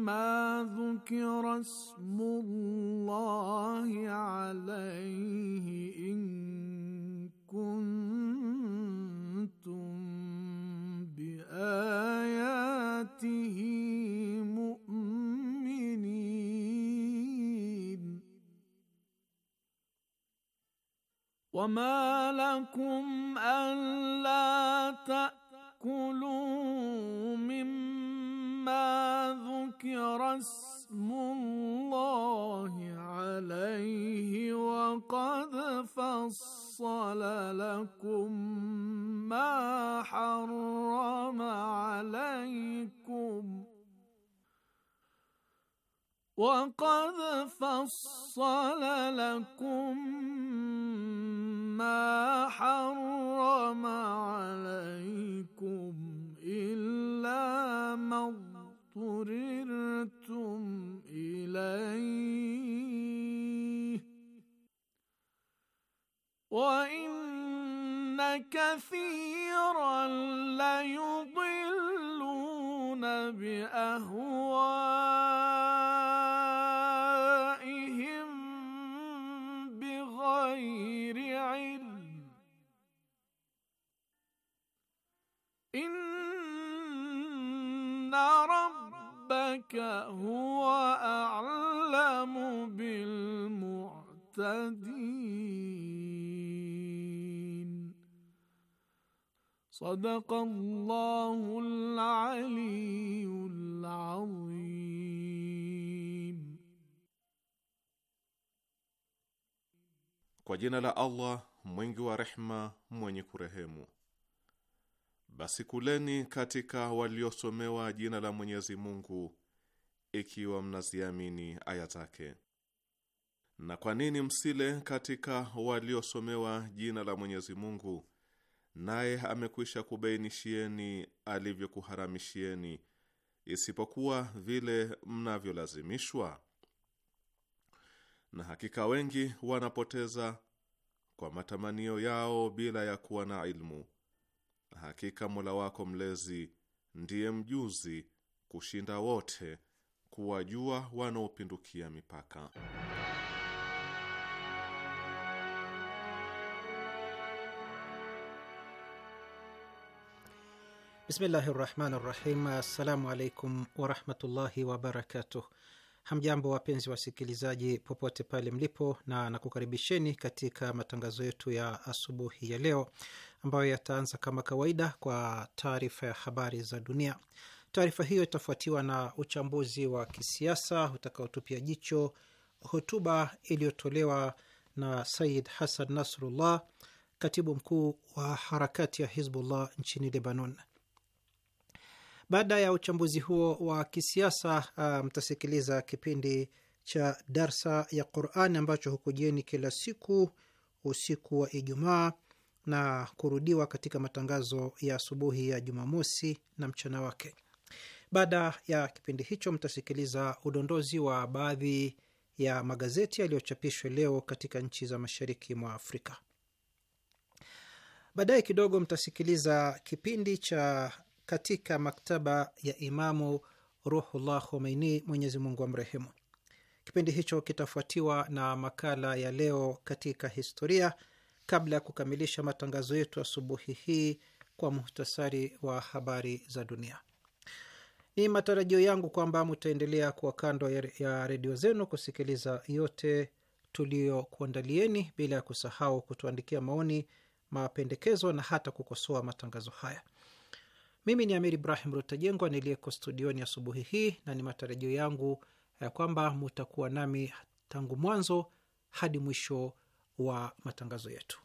ما ذكر اسم الله عليه إن كنتم بآياته مؤمنين وما لكم ألا تأكلون ذكر اسم الله عليه وقد فصل لكم ما حرم عليكم وقد فصل لكم ما حرم عليكم إلا مظلم اضطررتم إليه وإن كثيرا ليضلون بأهوائهم بغير علم إن ربك هو أعلم بالمعتدين صدق الله العلي العظيم Kwa jina la Allah mwingi wa rehma mwenye kurehemu basi kuleni katika waliosomewa jina la Mwenyezi Mungu ikiwa mnaziamini aya zake. Na kwa nini msile katika waliosomewa jina la Mwenyezi Mungu, naye amekwisha kubainishieni alivyokuharamishieni, isipokuwa vile mnavyolazimishwa? Na hakika wengi wanapoteza kwa matamanio yao bila ya kuwa na ilmu. Hakika Mola wako mlezi ndiye mjuzi kushinda wote kuwajua wanaopindukia mipaka. Bismillahi rahmani rahim. Assalamu alaikum warahmatullahi wabarakatuh. Hamjambo wapenzi wasikilizaji, popote pale mlipo, na nakukaribisheni katika matangazo yetu ya asubuhi ya leo ambayo yataanza kama kawaida kwa taarifa ya habari za dunia. Taarifa hiyo itafuatiwa na uchambuzi wa kisiasa utakaotupia jicho hotuba iliyotolewa na Said Hassan Nasrullah, katibu mkuu wa harakati ya Hizbullah nchini Lebanon. Baada ya uchambuzi huo wa kisiasa, uh, mtasikiliza um, kipindi cha darsa ya Qur'an ambacho hukujieni kila siku usiku wa Ijumaa na kurudiwa katika matangazo ya asubuhi ya Jumamosi na mchana wake. Baada ya kipindi hicho, mtasikiliza udondozi wa baadhi ya magazeti yaliyochapishwa leo katika nchi za mashariki mwa Afrika. Baadaye kidogo, mtasikiliza kipindi cha katika maktaba ya Imamu Ruhullah Khomeini, Mwenyezi Mungu amrehemu. Kipindi hicho kitafuatiwa na makala ya leo katika historia kabla ya kukamilisha matangazo yetu asubuhi hii kwa muhtasari wa habari za dunia. Ni matarajio yangu kwamba mtaendelea kuwa kando ya redio zenu kusikiliza yote tuliyokuandalieni, bila ya kusahau kutuandikia maoni, mapendekezo na hata kukosoa matangazo haya. Mimi ni Amir Ibrahim Rutajengwa niliyeko studioni asubuhi hii, na ni matarajio yangu ya kwamba mutakuwa nami tangu mwanzo hadi mwisho wa matangazo yetu.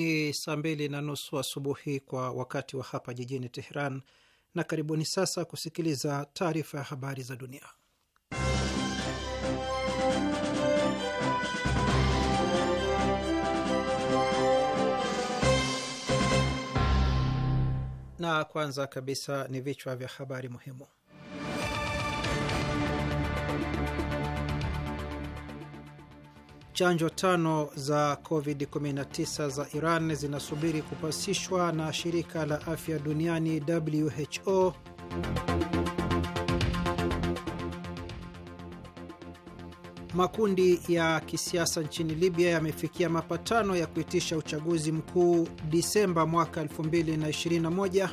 Ni saa mbili na nusu asubuhi kwa wakati wa hapa jijini Teheran, na karibuni sasa kusikiliza taarifa ya habari za dunia. Na kwanza kabisa ni vichwa vya habari muhimu. Chanjo tano za COVID-19 za Iran zinasubiri kupasishwa na shirika la afya duniani WHO. Makundi ya kisiasa nchini Libya yamefikia mapatano ya kuitisha uchaguzi mkuu Disemba mwaka 2021.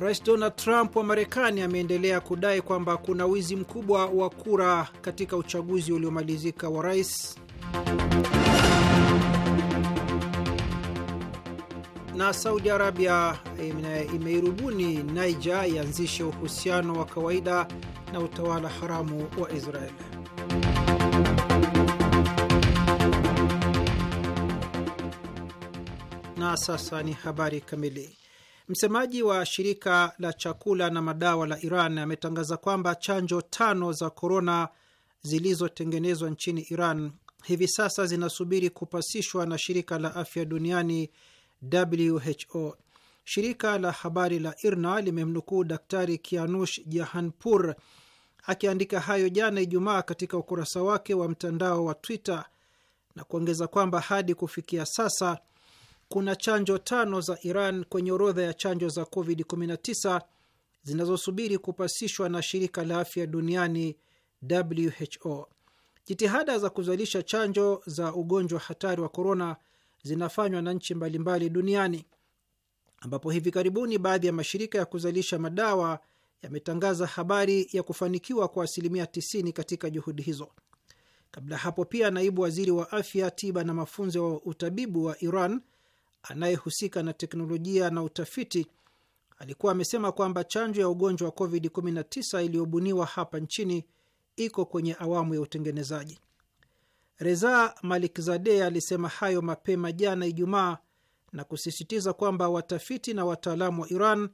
Rais Donald Trump wa Marekani ameendelea kudai kwamba kuna wizi mkubwa wa kura katika uchaguzi uliomalizika wa rais. Na Saudi Arabia imeirubuni Niger ianzishe uhusiano wa kawaida na utawala haramu wa Israeli. Na sasa ni habari kamili. Msemaji wa shirika la chakula na madawa la Iran ametangaza kwamba chanjo tano za korona zilizotengenezwa nchini Iran hivi sasa zinasubiri kupasishwa na shirika la afya duniani WHO. Shirika la habari la IRNA limemnukuu Daktari Kianush Jahanpur akiandika hayo jana Ijumaa katika ukurasa wake wa mtandao wa Twitter na kuongeza kwamba hadi kufikia sasa kuna chanjo tano za Iran kwenye orodha ya chanjo za COVID-19 zinazosubiri kupasishwa na shirika la afya duniani WHO. Jitihada za kuzalisha chanjo za ugonjwa hatari wa korona zinafanywa na nchi mbalimbali duniani, ambapo hivi karibuni baadhi ya mashirika ya kuzalisha madawa yametangaza habari ya kufanikiwa kwa asilimia 90 katika juhudi hizo. Kabla hapo pia, naibu waziri wa afya, tiba na mafunzo ya utabibu wa Iran anayehusika na teknolojia na utafiti alikuwa amesema kwamba chanjo ya ugonjwa wa COVID-19 iliyobuniwa hapa nchini iko kwenye awamu ya utengenezaji. Reza malikzade alisema hayo mapema jana Ijumaa na kusisitiza kwamba watafiti na wataalamu wa Iran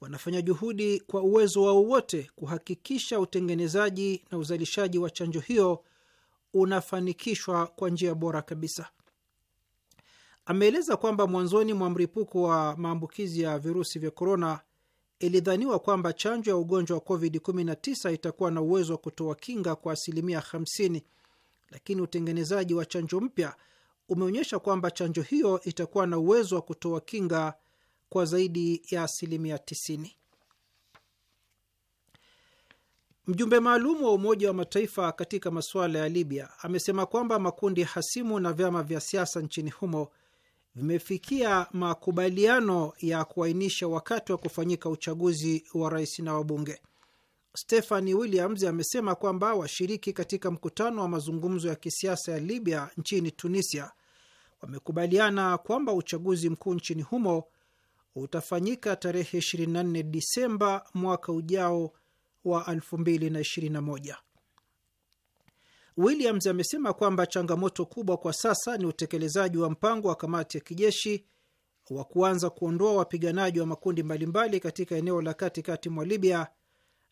wanafanya juhudi kwa uwezo wao wote kuhakikisha utengenezaji na uzalishaji wa chanjo hiyo unafanikishwa kwa njia bora kabisa ameeleza kwamba mwanzoni mwa mlipuko wa maambukizi ya virusi vya korona ilidhaniwa kwamba chanjo ya ugonjwa wa COVID-19 itakuwa na uwezo wa kutoa kinga kwa asilimia 50, lakini utengenezaji wa chanjo mpya umeonyesha kwamba chanjo hiyo itakuwa na uwezo wa kutoa kinga kwa zaidi ya asilimia 90. Mjumbe maalum wa Umoja wa Mataifa katika masuala ya Libya amesema kwamba makundi hasimu na vyama vya siasa nchini humo vimefikia makubaliano ya kuainisha wakati wa kufanyika uchaguzi wa rais na wabunge. Stephanie Williams amesema kwamba washiriki katika mkutano wa mazungumzo ya kisiasa ya Libya nchini Tunisia wamekubaliana kwamba uchaguzi mkuu nchini humo utafanyika tarehe 24 Disemba mwaka ujao wa 2021. Williams amesema kwamba changamoto kubwa kwa sasa ni utekelezaji wa mpango wa kamati ya kijeshi wa kuanza kuondoa wapiganaji wa makundi mbalimbali katika eneo la katikati mwa Libya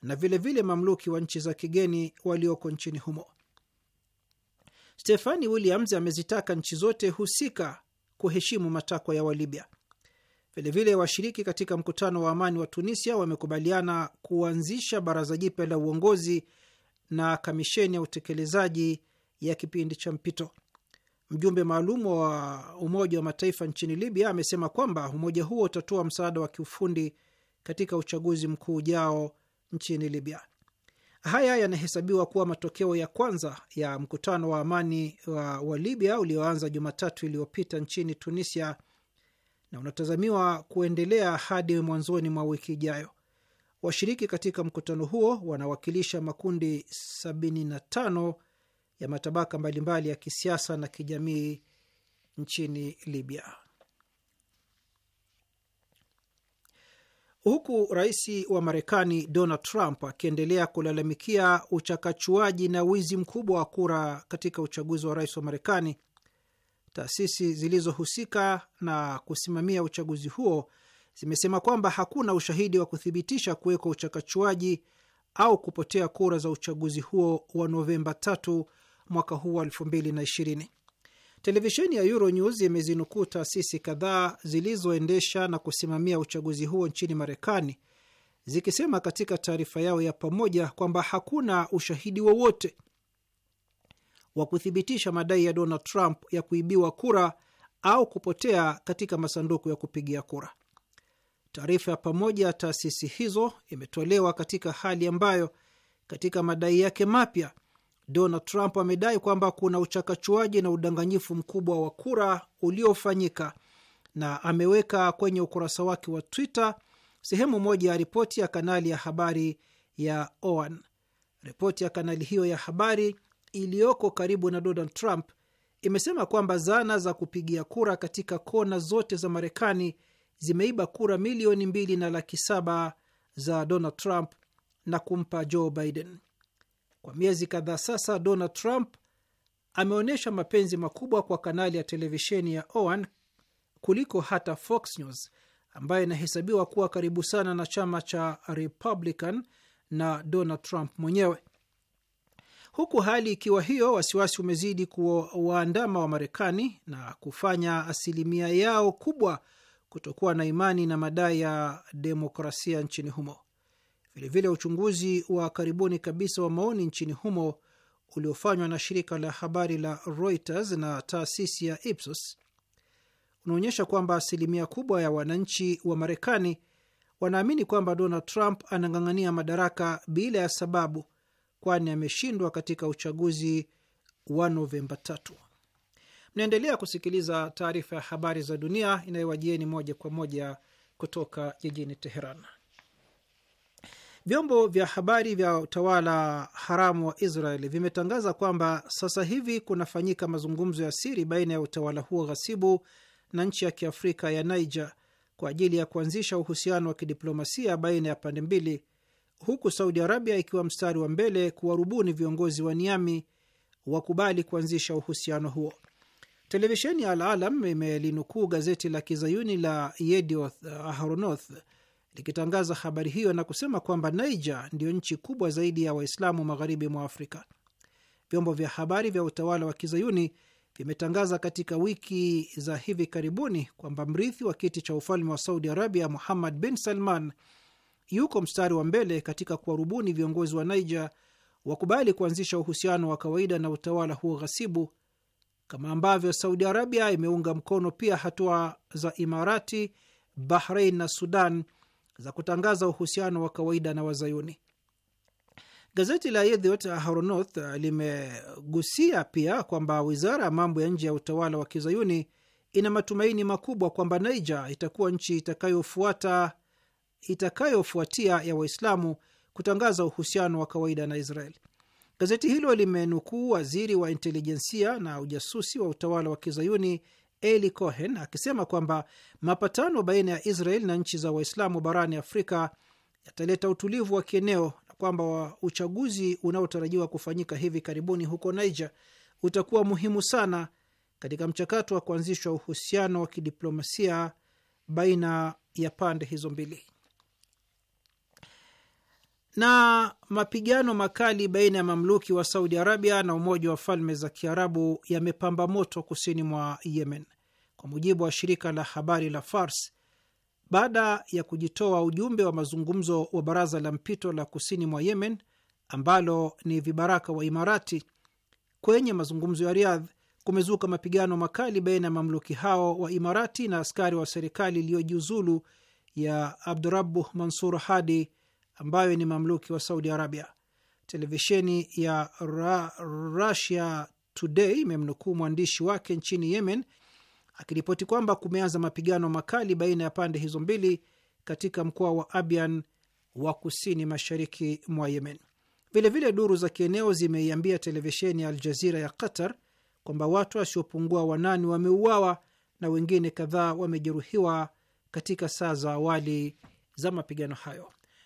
na vilevile vile mamluki wa nchi za kigeni walioko nchini humo. Stefani Williams amezitaka nchi zote husika kuheshimu matakwa ya Walibya. Vilevile washiriki katika mkutano wa amani wa Tunisia wamekubaliana kuanzisha baraza jipya la uongozi na kamisheni ya utekelezaji ya kipindi cha mpito. Mjumbe maalum wa Umoja wa Mataifa nchini Libya amesema kwamba umoja huo utatoa msaada wa kiufundi katika uchaguzi mkuu ujao nchini Libya. Haya yanahesabiwa kuwa matokeo ya kwanza ya mkutano wa amani wa, wa Libya ulioanza Jumatatu iliyopita nchini Tunisia na unatazamiwa kuendelea hadi mwanzoni mwa wiki ijayo. Washiriki katika mkutano huo wanawakilisha makundi 75 ya matabaka mbalimbali ya kisiasa na kijamii nchini Libya. Huku rais wa Marekani Donald Trump akiendelea kulalamikia uchakachuaji na wizi mkubwa wa kura katika uchaguzi wa rais wa Marekani, taasisi zilizohusika na kusimamia uchaguzi huo zimesema kwamba hakuna ushahidi wa kuthibitisha kuwekwa uchakachuaji au kupotea kura za uchaguzi huo wa Novemba 3 mwaka huu wa 2020. Televisheni ya Euronews imezinukuu taasisi kadhaa zilizoendesha na kusimamia uchaguzi huo nchini Marekani zikisema katika taarifa yao ya pamoja kwamba hakuna ushahidi wowote wa, wa kuthibitisha madai ya Donald Trump ya kuibiwa kura au kupotea katika masanduku ya kupigia kura. Taarifa ya pamoja ya taasisi hizo imetolewa katika hali ambayo katika madai yake mapya Donald Trump amedai kwamba kuna uchakachuaji na udanganyifu mkubwa wa kura uliofanyika, na ameweka kwenye ukurasa wake wa Twitter sehemu moja ya ripoti ya kanali ya habari ya OAN. Ripoti ya kanali hiyo ya habari iliyoko karibu na Donald Trump imesema kwamba zana za kupigia kura katika kona zote za Marekani zimeiba kura milioni mbili na laki saba za Donald Trump na kumpa Joe Biden. Kwa miezi kadhaa sasa, Donald Trump ameonyesha mapenzi makubwa kwa kanali ya televisheni ya OAN kuliko hata Fox News ambayo inahesabiwa kuwa karibu sana na chama cha Republican na Donald Trump mwenyewe. Huku hali ikiwa hiyo, wasiwasi umezidi kuwaandama marekani na kufanya asilimia yao kubwa kutokuwa na imani na madai ya demokrasia nchini humo. Vilevile vile uchunguzi wa karibuni kabisa wa maoni nchini humo uliofanywa na shirika la habari la Reuters na taasisi ya Ipsos unaonyesha kwamba asilimia kubwa ya wananchi wa Marekani wanaamini kwamba Donald Trump anang'ang'ania madaraka bila ya sababu, kwani ameshindwa katika uchaguzi wa Novemba tatu. Mnaendelea kusikiliza taarifa ya habari za dunia inayowajieni moja kwa moja kutoka jijini Teheran. Vyombo vya habari vya utawala haramu wa Israel vimetangaza kwamba sasa hivi kunafanyika mazungumzo ya siri baina ya utawala huo ghasibu na nchi ya kiafrika ya Niger kwa ajili ya kuanzisha uhusiano wa kidiplomasia baina ya pande mbili, huku Saudi Arabia ikiwa mstari wa mbele kuwarubuni viongozi wa Niami wakubali kuanzisha uhusiano huo. Televisheni ya Alalam imelinukuu gazeti la kizayuni la Yedioth uh, Ahronoth likitangaza habari hiyo na kusema kwamba Niger ndiyo nchi kubwa zaidi ya Waislamu magharibi mwa Afrika. Vyombo vya habari vya utawala wa kizayuni vimetangaza katika wiki za hivi karibuni kwamba mrithi wa kiti cha ufalme wa Saudi Arabia Muhammad bin Salman yuko mstari wa mbele katika kuwarubuni viongozi wa Niger wakubali kuanzisha uhusiano wa kawaida na utawala huo ghasibu kama ambavyo Saudi Arabia imeunga mkono pia hatua za Imarati, Bahrein na Sudan za kutangaza uhusiano wa kawaida na Wazayuni. Gazeti la Yediot Ahronoth limegusia pia kwamba wizara ya mambo ya nje ya utawala wa kizayuni ina matumaini makubwa kwamba Niger itakuwa nchi itakayofuata itakayofuatia ya Waislamu kutangaza uhusiano wa kawaida na Israeli. Gazeti hilo limenukuu waziri wa intelijensia na ujasusi wa utawala wa kizayuni Eli Cohen akisema kwamba mapatano baina ya Israel na nchi za Waislamu barani Afrika yataleta utulivu wa kieneo na kwamba uchaguzi unaotarajiwa kufanyika hivi karibuni huko Niger utakuwa muhimu sana katika mchakato wa kuanzishwa uhusiano wa kidiplomasia baina ya pande hizo mbili na mapigano makali baina ya mamluki wa Saudi Arabia na Umoja wa Falme za Kiarabu yamepamba moto kusini mwa Yemen, kwa mujibu wa shirika la habari la Fars. Baada ya kujitoa ujumbe wa mazungumzo wa baraza la mpito la kusini mwa Yemen ambalo ni vibaraka wa Imarati kwenye mazungumzo ya Riyadh, kumezuka mapigano makali baina ya mamluki hao wa Imarati na askari wa serikali iliyojiuzulu ya Abdurabu Mansur Hadi ambayo ni mamluki wa Saudi Arabia. Televisheni ya Ra Russia Today imemnukuu mwandishi wake nchini Yemen akiripoti kwamba kumeanza mapigano makali baina ya pande hizo mbili katika mkoa wa Abian wa kusini mashariki mwa Yemen. Vilevile, duru za kieneo zimeiambia televisheni ya Aljazira ya Qatar kwamba watu wasiopungua wanane wameuawa na wengine kadhaa wamejeruhiwa katika saa za awali za mapigano hayo.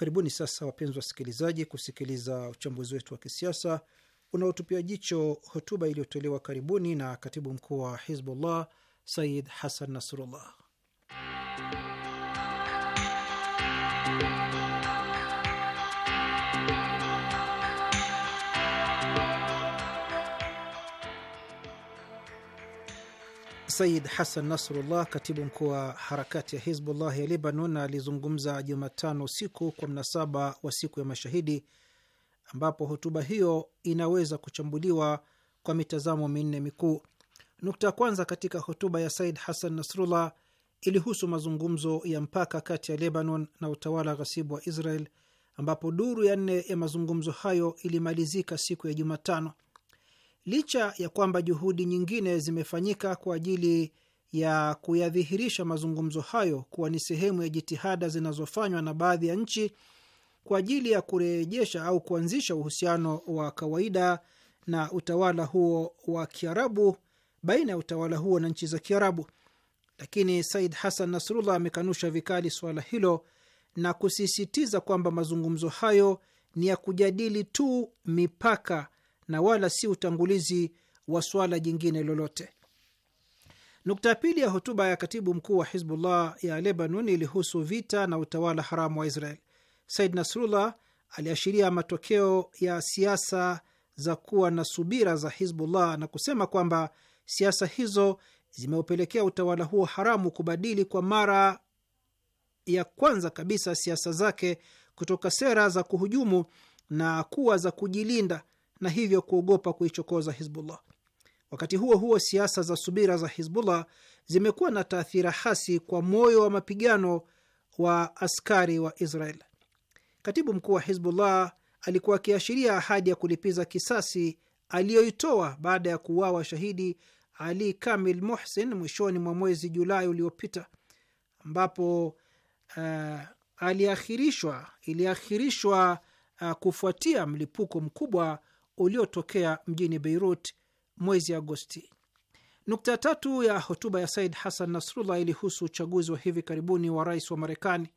Karibuni sasa, wapenzi wasikilizaji, kusikiliza uchambuzi wetu wa kisiasa unaotupia jicho hotuba iliyotolewa karibuni na katibu mkuu wa Hizbullah Said Hassan Nasrullah. Said Hassan Nasrullah, katibu mkuu wa harakati ya Hizbullah ya Lebanon, alizungumza Jumatano usiku kwa mnasaba wa siku ya Mashahidi, ambapo hotuba hiyo inaweza kuchambuliwa kwa mitazamo minne mikuu. Nukta ya kwanza katika hotuba ya Said Hassan Nasrullah ilihusu mazungumzo ya mpaka kati ya Lebanon na utawala ghasibu wa Israel, ambapo duru ya nne ya mazungumzo hayo ilimalizika siku ya Jumatano licha ya kwamba juhudi nyingine zimefanyika kwa ajili ya kuyadhihirisha mazungumzo hayo kuwa ni sehemu ya jitihada zinazofanywa na baadhi ya nchi kwa ajili ya kurejesha au kuanzisha uhusiano wa kawaida na utawala huo wa Kiarabu baina ya utawala huo na nchi za Kiarabu, lakini Said Hassan Nasrullah amekanusha vikali suala hilo na kusisitiza kwamba mazungumzo hayo ni ya kujadili tu mipaka na wala si utangulizi wa swala jingine lolote. Nukta ya pili ya hotuba ya katibu mkuu wa Hizbullah ya Lebanon ilihusu vita na utawala haramu wa Israel. Said Nasrullah aliashiria matokeo ya siasa za kuwa na subira za Hizbullah na kusema kwamba siasa hizo zimeupelekea utawala huo haramu kubadili kwa mara ya kwanza kabisa siasa zake kutoka sera za kuhujumu na kuwa za kujilinda na hivyo kuogopa kuichokoza Hizbullah. Wakati huo huo, siasa za subira za Hizbullah zimekuwa na taathira hasi kwa moyo wa mapigano wa askari wa Israel. Katibu mkuu wa Hizbullah alikuwa akiashiria ahadi ya kulipiza kisasi aliyoitoa baada ya kuuawa shahidi Ali Kamil Muhsin mwishoni mwa mwezi Julai uliopita, ambapo uh, eh, iliakhirishwa uh, eh, kufuatia mlipuko mkubwa uliotokea mjini Beirut mwezi Agosti. Nukta tatu ya hotuba ya Said Hassan Nasrullah ilihusu uchaguzi wa hivi karibuni wa rais wa Marekani.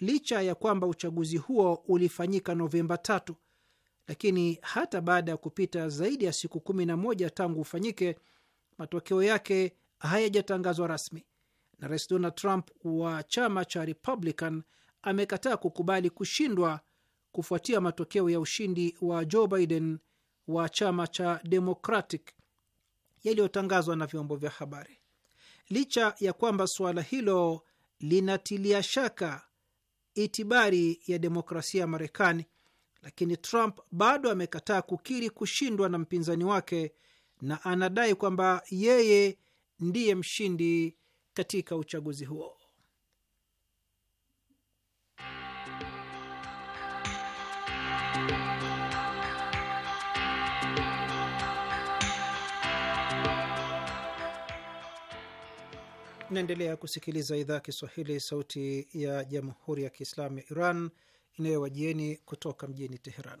Licha ya kwamba uchaguzi huo ulifanyika Novemba tatu, lakini hata baada ya kupita zaidi ya siku kumi na moja tangu ufanyike, matokeo yake hayajatangazwa rasmi, na rais Donald Trump wa chama cha Republican amekataa kukubali kushindwa kufuatia matokeo ya ushindi wa Joe Biden wa chama cha Democratic yaliyotangazwa na vyombo vya habari. Licha ya kwamba suala hilo linatilia shaka itibari ya demokrasia ya Marekani, lakini Trump bado amekataa kukiri kushindwa na mpinzani wake na anadai kwamba yeye ndiye mshindi katika uchaguzi huo. Mnaendelea kusikiliza idhaa Kiswahili sauti ya jamhuri ya kiislamu ya Iran inayowajieni kutoka mjini Teheran.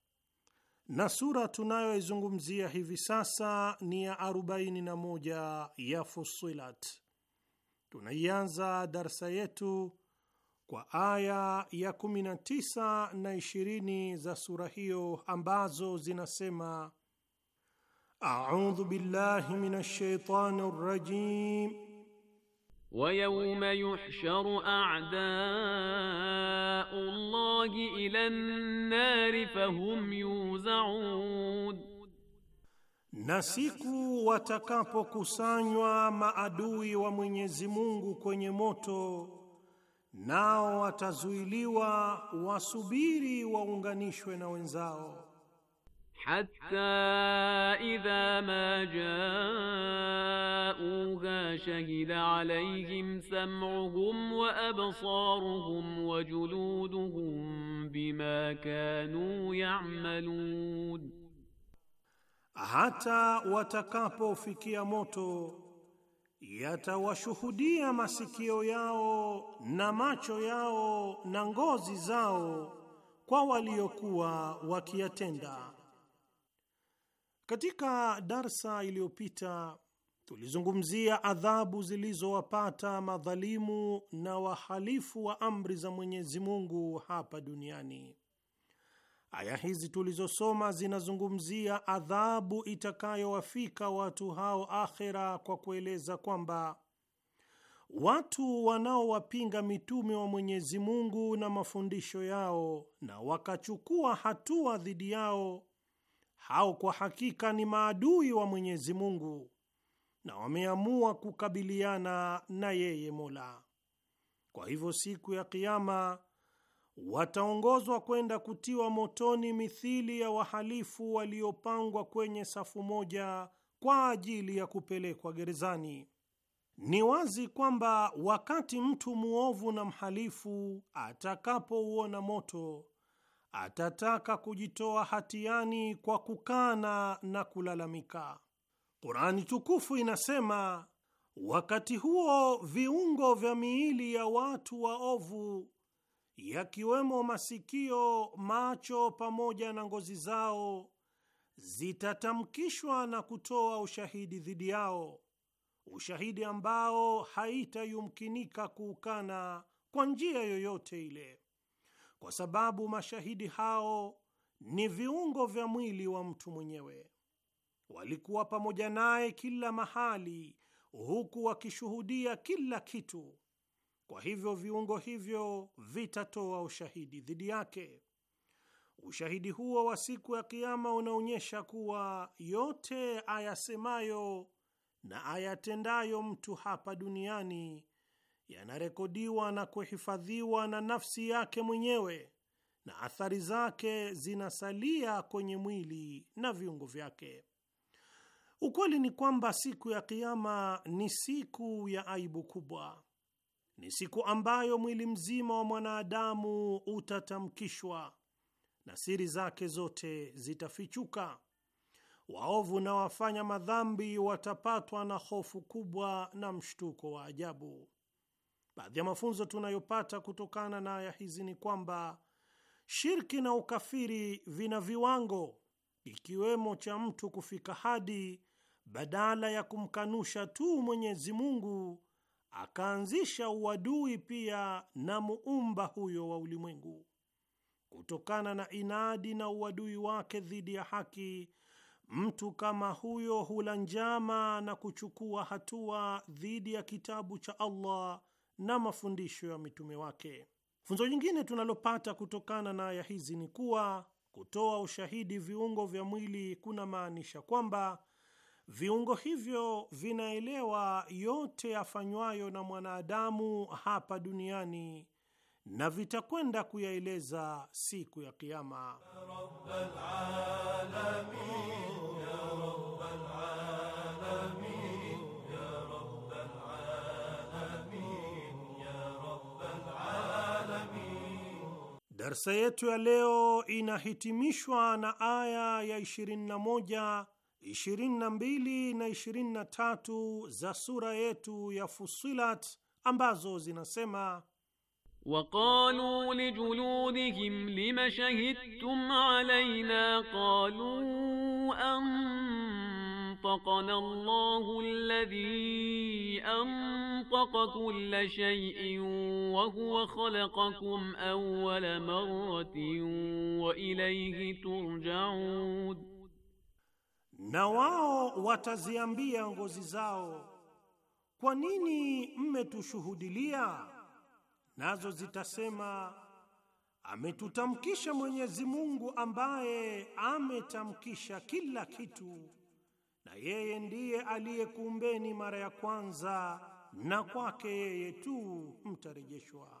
na sura tunayoizungumzia hivi sasa ni ya 41 ya Fusilat. Tunaianza darsa yetu kwa aya ya 19 na 20 za sura hiyo ambazo zinasema: audhu billahi minash shaitani rajim ويوم يحشر أعداء الله إلى النار فهم يوزعون na siku watakapokusanywa maadui wa Mwenyezi Mungu kwenye moto, nao watazuiliwa wasubiri waunganishwe na wenzao حتى إذا ما جاءوها شهد عليهم سمعهم وأبصارهم وجلودهم بما كانوا يعملون, hata watakapofikia moto yatawashuhudia masikio yao na macho yao na ngozi zao kwa waliokuwa wakiyatenda katika darsa iliyopita tulizungumzia adhabu zilizowapata madhalimu na wahalifu wa amri za Mwenyezi Mungu hapa duniani. Aya hizi tulizosoma zinazungumzia adhabu itakayowafika watu hao akhera, kwa kueleza kwamba watu wanaowapinga mitume wa Mwenyezi Mungu na mafundisho yao na wakachukua hatua dhidi yao hao kwa hakika ni maadui wa Mwenyezi Mungu na wameamua kukabiliana na yeye Mola. Kwa hivyo siku ya Kiama wataongozwa kwenda kutiwa motoni mithili ya wahalifu waliopangwa kwenye safu moja kwa ajili ya kupelekwa gerezani. Ni wazi kwamba wakati mtu mwovu na mhalifu atakapouona moto atataka kujitoa hatiani kwa kukana na kulalamika. Qurani tukufu inasema, wakati huo viungo vya miili ya watu waovu yakiwemo masikio, macho pamoja na ngozi zao zitatamkishwa na kutoa ushahidi dhidi yao, ushahidi ambao haitayumkinika kuukana kwa njia yoyote ile kwa sababu mashahidi hao ni viungo vya mwili wa mtu mwenyewe. Walikuwa pamoja naye kila mahali, huku wakishuhudia kila kitu. Kwa hivyo viungo hivyo vitatoa ushahidi dhidi yake. Ushahidi huo wa siku ya Kiama unaonyesha kuwa yote ayasemayo na ayatendayo mtu hapa duniani yanarekodiwa na kuhifadhiwa na nafsi yake mwenyewe na athari zake zinasalia kwenye mwili na viungo vyake. Ukweli ni kwamba siku ya Kiama ni siku ya aibu kubwa. Ni siku ambayo mwili mzima wa mwanadamu utatamkishwa na siri zake zote zitafichuka. Waovu na wafanya madhambi watapatwa na hofu kubwa na mshtuko wa ajabu. Baadhi ya mafunzo tunayopata kutokana na aya hizi ni kwamba shirki na ukafiri vina viwango, ikiwemo cha mtu kufika hadi badala ya kumkanusha tu Mwenyezi Mungu akaanzisha uadui pia na muumba huyo wa ulimwengu. Kutokana na inadi na uadui wake dhidi ya haki, mtu kama huyo hula njama na kuchukua hatua dhidi ya kitabu cha Allah na mafundisho ya mitume wake. Funzo jingine tunalopata kutokana na aya hizi ni kuwa kutoa ushahidi viungo vya mwili kuna maanisha kwamba viungo hivyo vinaelewa yote yafanywayo na mwanadamu hapa duniani na vitakwenda kuyaeleza siku ya Kiama. Darsa yetu ya leo inahitimishwa na aya ya 21, 22 23 za sura yetu ya Fusilat ambazo zinasema waqalu lijuludihim lima shahidtum alayna qalu an أنطقنا الله الذي أنطق كل شيء وهو خلقكم أول مرة وإليه ترجعون na wao wataziambia ngozi zao, kwa nini mmetushuhudilia? Nazo zitasema ametutamkisha Mwenyezi Mungu ambaye ametamkisha kila kitu na yeye ndiye aliyekuumbeni mara ya kwanza na kwake yeye tu mtarejeshwa.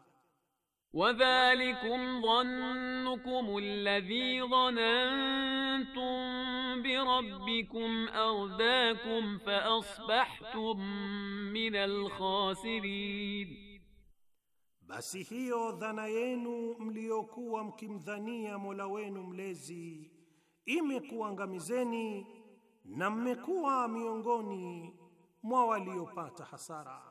وذلكم ظنكم الذي ظننتم بربكم أرداكم فأصبحتم من الخاسرين basi hiyo dhana yenu mliyokuwa mkimdhania Mola wenu mlezi imekuangamizeni na mmekuwa miongoni mwa waliopata hasara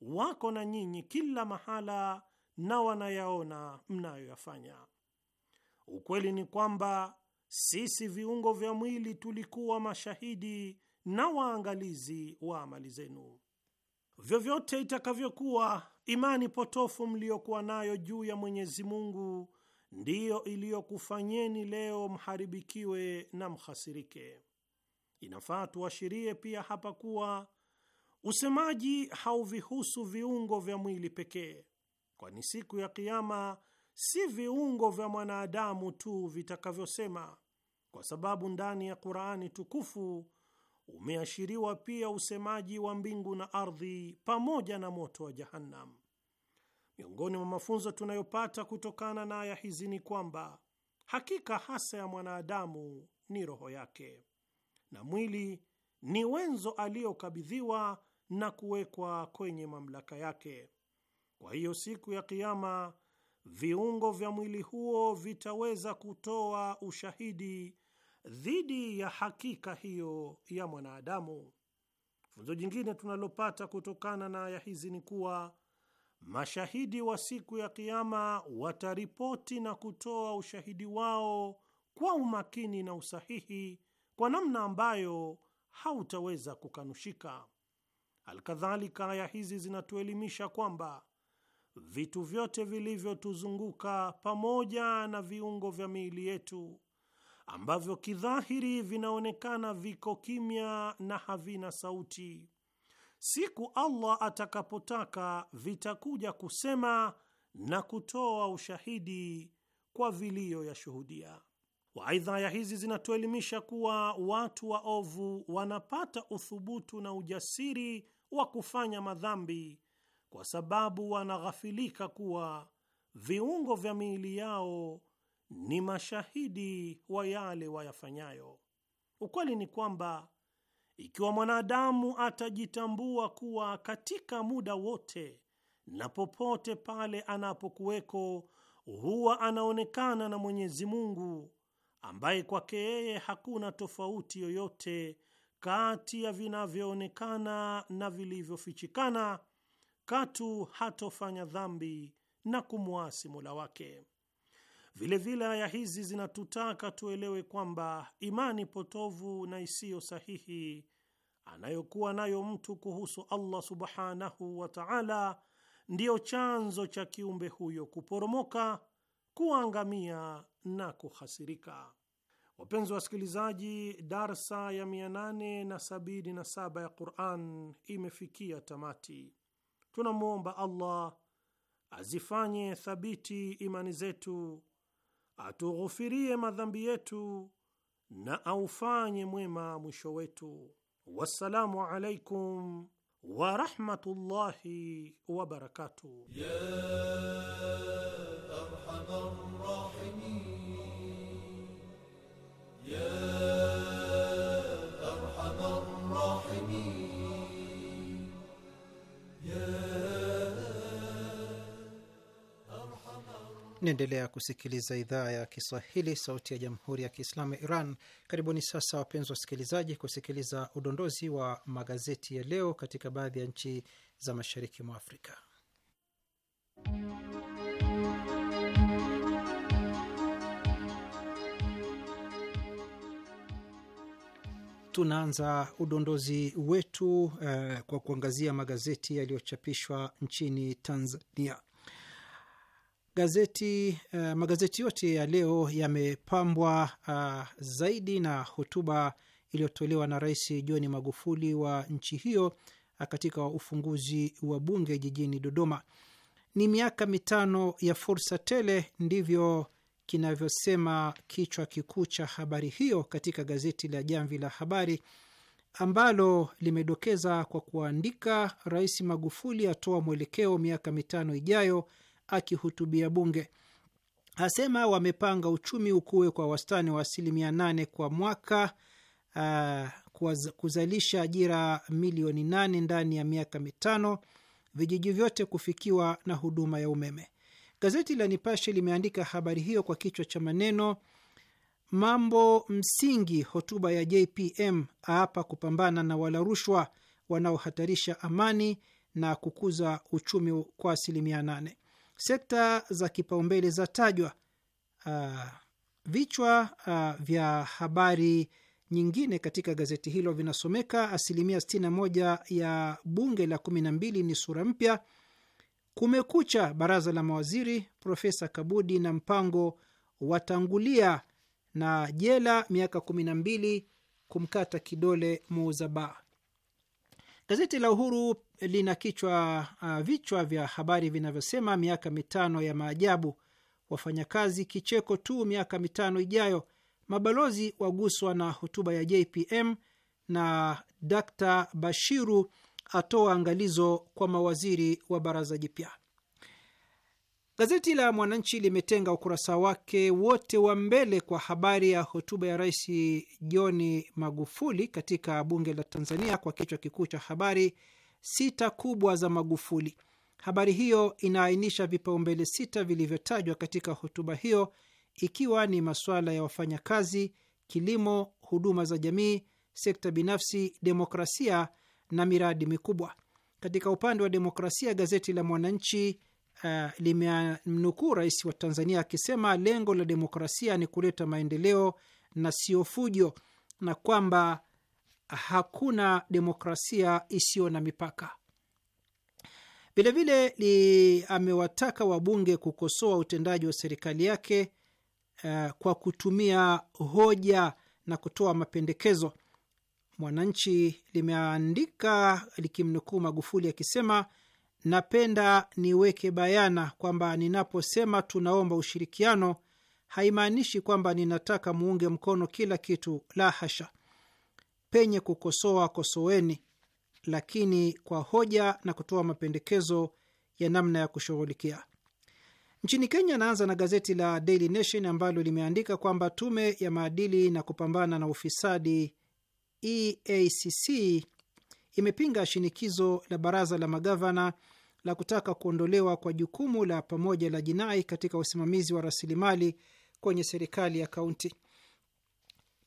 wako na nyinyi kila mahala na wanayaona mnayoyafanya. Ukweli ni kwamba sisi viungo vya mwili tulikuwa mashahidi na waangalizi wa amali zenu. Vyovyote itakavyokuwa imani potofu mliyokuwa nayo juu ya Mwenyezi Mungu ndiyo iliyokufanyeni leo mharibikiwe na mhasirike. Inafaa tuashirie pia hapa kuwa Usemaji hauvihusu viungo vya mwili pekee, kwani siku ya Kiama si viungo vya mwanadamu tu vitakavyosema, kwa sababu ndani ya Qur'ani tukufu umeashiriwa pia usemaji wa mbingu na ardhi pamoja na moto wa Jahannam. Miongoni mwa mafunzo tunayopata kutokana na aya hizi ni kwamba hakika hasa ya mwanadamu ni roho yake na mwili ni wenzo aliyokabidhiwa na kuwekwa kwenye mamlaka yake. Kwa hiyo siku ya Kiama viungo vya mwili huo vitaweza kutoa ushahidi dhidi ya hakika hiyo ya mwanadamu. Funzo jingine tunalopata kutokana na aya hizi ni kuwa mashahidi wa siku ya Kiama wataripoti na kutoa ushahidi wao kwa umakini na usahihi, kwa namna ambayo hautaweza kukanushika. Alkadhalika, aya hizi zinatuelimisha kwamba vitu vyote vilivyotuzunguka pamoja na viungo vya miili yetu ambavyo kidhahiri vinaonekana viko kimya na havina sauti, siku Allah atakapotaka vitakuja kusema na kutoa ushahidi kwa vilio ya shuhudia. Waaidha, aya hizi zinatuelimisha kuwa watu waovu wanapata uthubutu na ujasiri wa kufanya madhambi kwa sababu wanaghafilika kuwa viungo vya miili yao ni mashahidi wa yale wayafanyayo. Ukweli ni kwamba ikiwa mwanadamu atajitambua kuwa katika muda wote na popote pale anapokuweko huwa anaonekana na Mwenyezi Mungu ambaye kwake yeye hakuna tofauti yoyote kati ya vinavyoonekana na vilivyofichikana, katu hatofanya dhambi na kumwasi Mola wake. Vilevile aya hizi zinatutaka tuelewe kwamba imani potovu na isiyo sahihi anayokuwa nayo mtu kuhusu Allah subhanahu wa ta'ala ndiyo chanzo cha kiumbe huyo kuporomoka, kuangamia na kuhasirika. Wapenzi wasikilizaji, darsa ya 877 ya Quran imefikia tamati. Tunamwomba Allah azifanye thabiti imani zetu, atughufirie madhambi yetu na aufanye mwema mwisho wetu. Wassalamu alaikum wa rahmatullahi wa barakatuh. Naendelea kusikiliza idhaa ya Kiswahili, sauti ya jamhuri ya kiislamu ya Iran. Karibuni sasa, wapenzi wasikilizaji, kusikiliza udondozi wa magazeti ya leo katika baadhi ya nchi za mashariki mwa Afrika. tunaanza udondozi wetu uh, kwa kuangazia magazeti yaliyochapishwa nchini Tanzania. Gazeti, uh, magazeti yote ya leo yamepambwa uh, zaidi na hotuba iliyotolewa na Rais John Magufuli wa nchi hiyo ah, katika ufunguzi wa bunge jijini Dodoma. Ni miaka mitano ya fursa tele, ndivyo kinavyosema kichwa kikuu cha habari hiyo katika gazeti la Jamvi la Habari ambalo limedokeza kwa kuandika, Rais Magufuli atoa mwelekeo miaka mitano ijayo. Akihutubia Bunge asema wamepanga uchumi ukuwe kwa wastani wa asilimia nane kwa mwaka, uh, kuzalisha ajira milioni nane ndani ya miaka mitano, vijiji vyote kufikiwa na huduma ya umeme. Gazeti la Nipashe limeandika habari hiyo kwa kichwa cha maneno mambo msingi, hotuba ya JPM aapa kupambana na wala rushwa wanaohatarisha amani na kukuza uchumi kwa asilimia nane. Sekta za kipaumbele za tajwa. Uh, vichwa uh, vya habari nyingine katika gazeti hilo vinasomeka asilimia 61 ya bunge la 12 ni sura mpya Kumekucha, baraza la mawaziri, Profesa Kabudi na Mpango watangulia na jela miaka kumi na mbili kumkata kidole muuza baa. Gazeti la Uhuru lina kichwa uh, vichwa vya habari vinavyosema miaka mitano ya maajabu, wafanyakazi kicheko tu miaka mitano ijayo, mabalozi waguswa na hotuba ya JPM na Dkt Bashiru atoa angalizo kwa mawaziri wa baraza jipya. Gazeti la Mwananchi limetenga ukurasa wake wote wa mbele kwa habari ya hotuba ya Rais John Magufuli katika bunge la Tanzania kwa kichwa kikuu cha habari, sita kubwa za Magufuli. Habari hiyo inaainisha vipaumbele sita vilivyotajwa katika hotuba hiyo, ikiwa ni masuala ya wafanyakazi, kilimo, huduma za jamii, sekta binafsi, demokrasia na miradi mikubwa. Katika upande wa demokrasia, gazeti la Mwananchi uh, limemnukuu rais wa Tanzania akisema lengo la demokrasia ni kuleta maendeleo na sio fujo, na kwamba hakuna demokrasia isiyo na mipaka. Vilevile amewataka wabunge kukosoa utendaji wa serikali yake uh, kwa kutumia hoja na kutoa mapendekezo. Mwananchi limeandika likimnukuu Magufuli akisema napenda niweke bayana kwamba ninaposema tunaomba ushirikiano haimaanishi kwamba ninataka muunge mkono kila kitu, la hasha. Penye kukosoa kosoeni, lakini kwa hoja na kutoa mapendekezo ya namna ya kushughulikia. Nchini Kenya, naanza na gazeti la Daily Nation ambalo limeandika kwamba tume ya maadili na kupambana na ufisadi EACC imepinga shinikizo la baraza la magavana la kutaka kuondolewa kwa jukumu la pamoja la jinai katika usimamizi wa rasilimali kwenye serikali ya kaunti.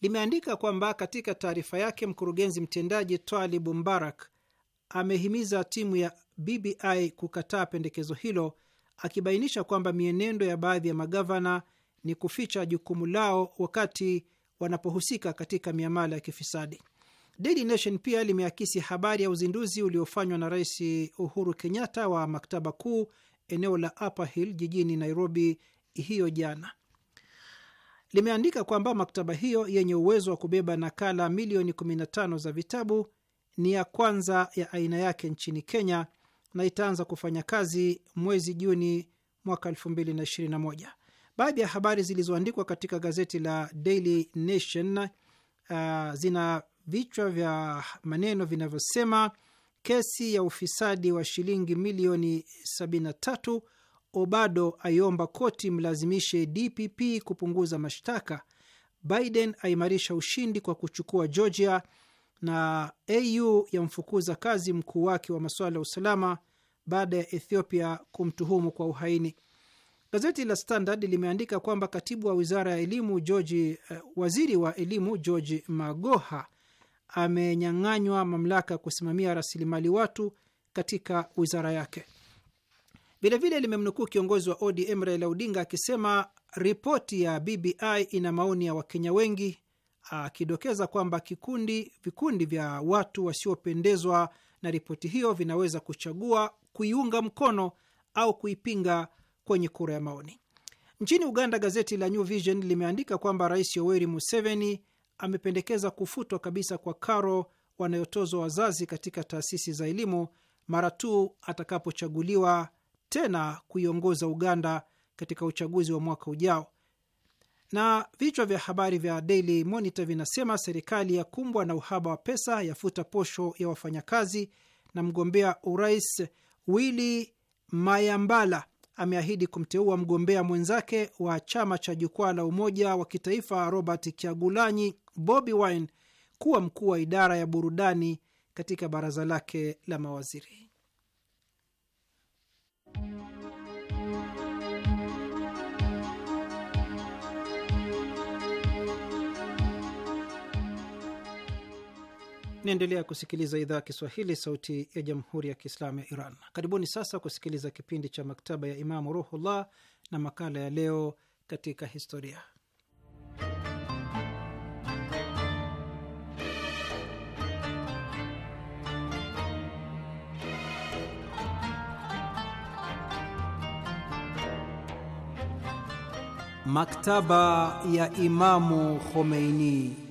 Limeandika kwamba katika taarifa yake, mkurugenzi mtendaji Twalib Mbarak amehimiza timu ya BBI kukataa pendekezo hilo, akibainisha kwamba mienendo ya baadhi ya magavana ni kuficha jukumu lao wakati wanapohusika katika miamala ya kifisadi. Daily Nation pia limeakisi habari ya uzinduzi uliofanywa na Rais Uhuru Kenyatta wa maktaba kuu eneo la Upper Hill jijini Nairobi hiyo jana. Limeandika kwamba maktaba hiyo yenye uwezo wa kubeba nakala milioni 15 za vitabu ni ya kwanza ya aina yake nchini Kenya na itaanza kufanya kazi mwezi Juni mwaka 2021. Baadhi ya habari zilizoandikwa katika gazeti la Daily Nation uh, zina vichwa vya maneno vinavyosema kesi ya ufisadi wa shilingi milioni 73, Obado aiomba koti mlazimishe DPP kupunguza mashtaka, Biden aimarisha ushindi kwa kuchukua Georgia, na AU yamfukuza kazi mkuu wake wa masuala ya usalama baada ya Ethiopia kumtuhumu kwa uhaini. Gazeti la Standard limeandika kwamba katibu wa wizara ya elimu George, uh, waziri wa elimu George Magoha amenyang'anywa mamlaka ya kusimamia rasilimali watu katika wizara yake. Vilevile limemnukuu kiongozi wa ODM Raila Odinga akisema ripoti ya BBI ina maoni ya Wakenya wengi, akidokeza kwamba kikundi vikundi vya watu wasiopendezwa na ripoti hiyo vinaweza kuchagua kuiunga mkono au kuipinga kwenye kura ya maoni. Nchini Uganda, gazeti la New Vision limeandika kwamba Rais Yoweri Museveni amependekeza kufutwa kabisa kwa karo wanayotozwa wazazi katika taasisi za elimu mara tu atakapochaguliwa tena kuiongoza Uganda katika uchaguzi wa mwaka ujao. Na vichwa vya habari vya Daily Monitor vinasema serikali ya kumbwa na uhaba wa pesa, yafuta posho ya wafanyakazi, na mgombea urais Willy Mayambala ameahidi kumteua mgombea mwenzake wa chama cha Jukwaa la Umoja wa Kitaifa Robert Kyagulanyi Bobi Wine kuwa mkuu wa idara ya burudani katika baraza lake la mawaziri. Naendelea kusikiliza idhaa ya Kiswahili, sauti ya jamhuri ya kiislamu ya Iran. Karibuni sasa kusikiliza kipindi cha maktaba ya Imamu Ruhullah na makala ya leo katika historia. Maktaba ya Imamu Khomeini.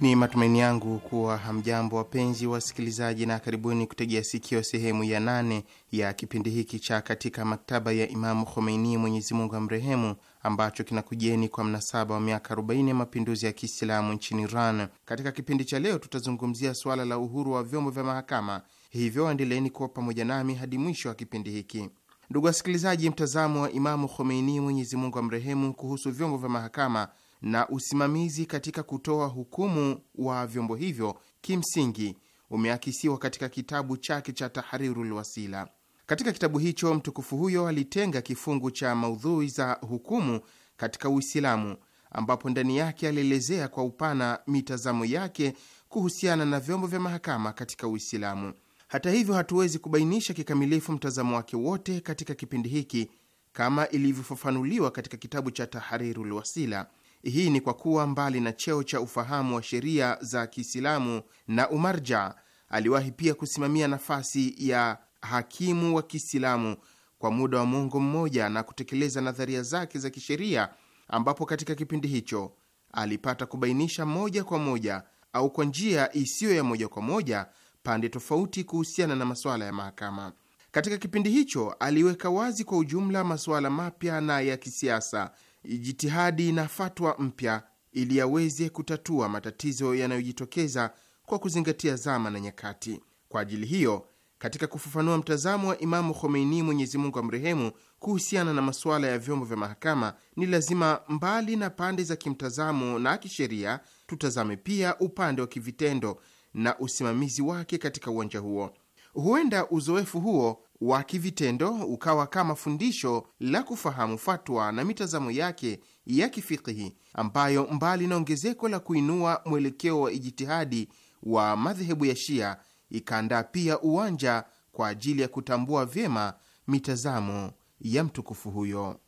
Ni matumaini yangu kuwa hamjambo wapenzi wasikilizaji, na karibuni kutegea sikio sehemu ya nane ya kipindi hiki cha katika maktaba ya Imamu Khomeini, Mwenyezi Mungu amrehemu, ambacho kinakujeni kwa mnasaba wa miaka 40 ya mapinduzi ya Kiislamu nchini Iran. Katika kipindi cha leo tutazungumzia suala la uhuru wa vyombo vya mahakama, hivyo endeleeni kuwa pamoja nami hadi mwisho wa kipindi hiki. Ndugu wasikilizaji, mtazamo wa Imamu Khomeini, Mwenyezi Mungu amrehemu, kuhusu vyombo vya mahakama na usimamizi katika kutoa hukumu wa vyombo hivyo kimsingi umeakisiwa katika kitabu chake cha Tahrirul Wasila. Katika kitabu hicho mtukufu huyo alitenga kifungu cha maudhui za hukumu katika Uislamu, ambapo ndani yake alielezea kwa upana mitazamo yake kuhusiana na vyombo vya mahakama katika Uislamu. Hata hivyo, hatuwezi kubainisha kikamilifu mtazamo wake wote katika kipindi hiki kama ilivyofafanuliwa katika kitabu cha Tahrirul Wasila. Hii ni kwa kuwa mbali na cheo cha ufahamu wa sheria za Kiislamu na umarja, aliwahi pia kusimamia nafasi ya hakimu wa Kiislamu kwa muda wa muongo mmoja na kutekeleza nadharia zake za kisheria, ambapo katika kipindi hicho alipata kubainisha moja kwa moja au kwa njia isiyo ya moja kwa moja pande tofauti kuhusiana na masuala ya mahakama. Katika kipindi hicho aliweka wazi kwa ujumla masuala mapya na ya kisiasa jitihadi na fatwa mpya ili yaweze kutatua matatizo yanayojitokeza kwa kuzingatia zama na nyakati. Kwa ajili hiyo, katika kufafanua mtazamo wa Imamu Khomeini, Mwenyezi Mungu amrehemu, kuhusiana na masuala ya vyombo vya mahakama, ni lazima mbali na pande za kimtazamo na kisheria, tutazame pia upande wa kivitendo na usimamizi wake katika uwanja huo. Huenda uzoefu huo wa kivitendo ukawa kama fundisho la kufahamu fatwa na mitazamo yake ya kifikihi, ambayo mbali na ongezeko la kuinua mwelekeo wa ijitihadi wa madhehebu ya Shia ikaandaa pia uwanja kwa ajili ya kutambua vyema mitazamo ya mtukufu huyo.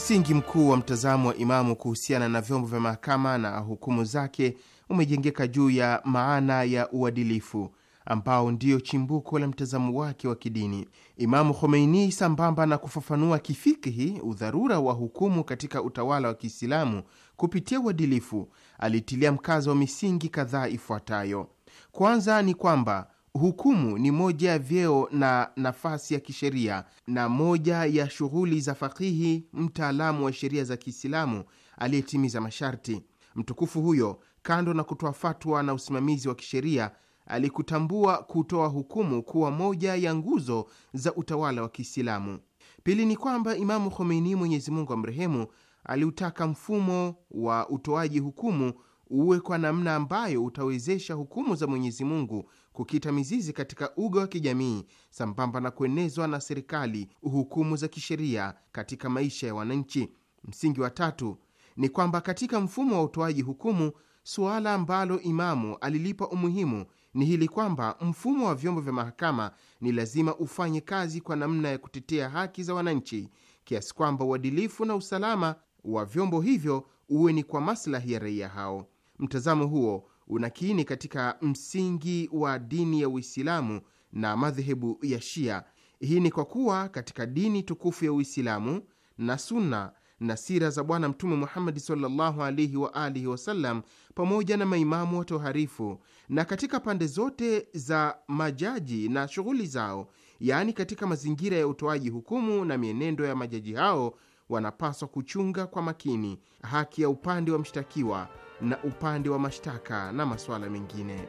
Msingi mkuu wa mtazamo wa Imamu kuhusiana na vyombo vya mahakama na hukumu zake umejengeka juu ya maana ya uadilifu ambao ndiyo chimbuko la mtazamo wake wa kidini. Imamu Khomeini, sambamba na kufafanua kifikihi udharura wa hukumu katika utawala wa Kiislamu kupitia uadilifu, alitilia mkazo wa misingi kadhaa ifuatayo. Kwanza ni kwamba Hukumu ni moja ya vyeo na nafasi ya kisheria na moja ya shughuli za fakihi mtaalamu wa sheria za Kiislamu aliyetimiza masharti. Mtukufu huyo, kando na kutoa fatwa na usimamizi wa kisheria, alikutambua kutoa hukumu kuwa moja ya nguzo za utawala wa Kiislamu. Pili ni kwamba Imamu Khomeini, Mwenyezi Mungu amrehemu, aliutaka mfumo wa utoaji hukumu uwe kwa namna ambayo utawezesha hukumu za Mwenyezi Mungu kukita mizizi katika uga wa kijamii sambamba na kuenezwa na serikali hukumu za kisheria katika maisha ya wananchi. Msingi wa tatu ni kwamba katika mfumo wa utoaji hukumu, suala ambalo Imamu alilipa umuhimu ni hili kwamba mfumo wa vyombo vya mahakama ni lazima ufanye kazi kwa namna ya kutetea haki za wananchi, kiasi kwamba uadilifu na usalama wa vyombo hivyo uwe ni kwa maslahi ya raia hao. Mtazamo huo kiini katika msingi wa dini ya Uislamu na madhehebu ya Shia. Hii ni kwa kuwa katika dini tukufu ya Uislamu na sunna na sira za Bwana Mtume Muhammadi sallallahu alaihi wa alihi wasallam pamoja na maimamu watoharifu na katika pande zote za majaji na shughuli zao, yaani katika mazingira ya utoaji hukumu na mienendo ya majaji hao, wanapaswa kuchunga kwa makini haki ya upande wa mshtakiwa na upande wa mashtaka na masuala mengine.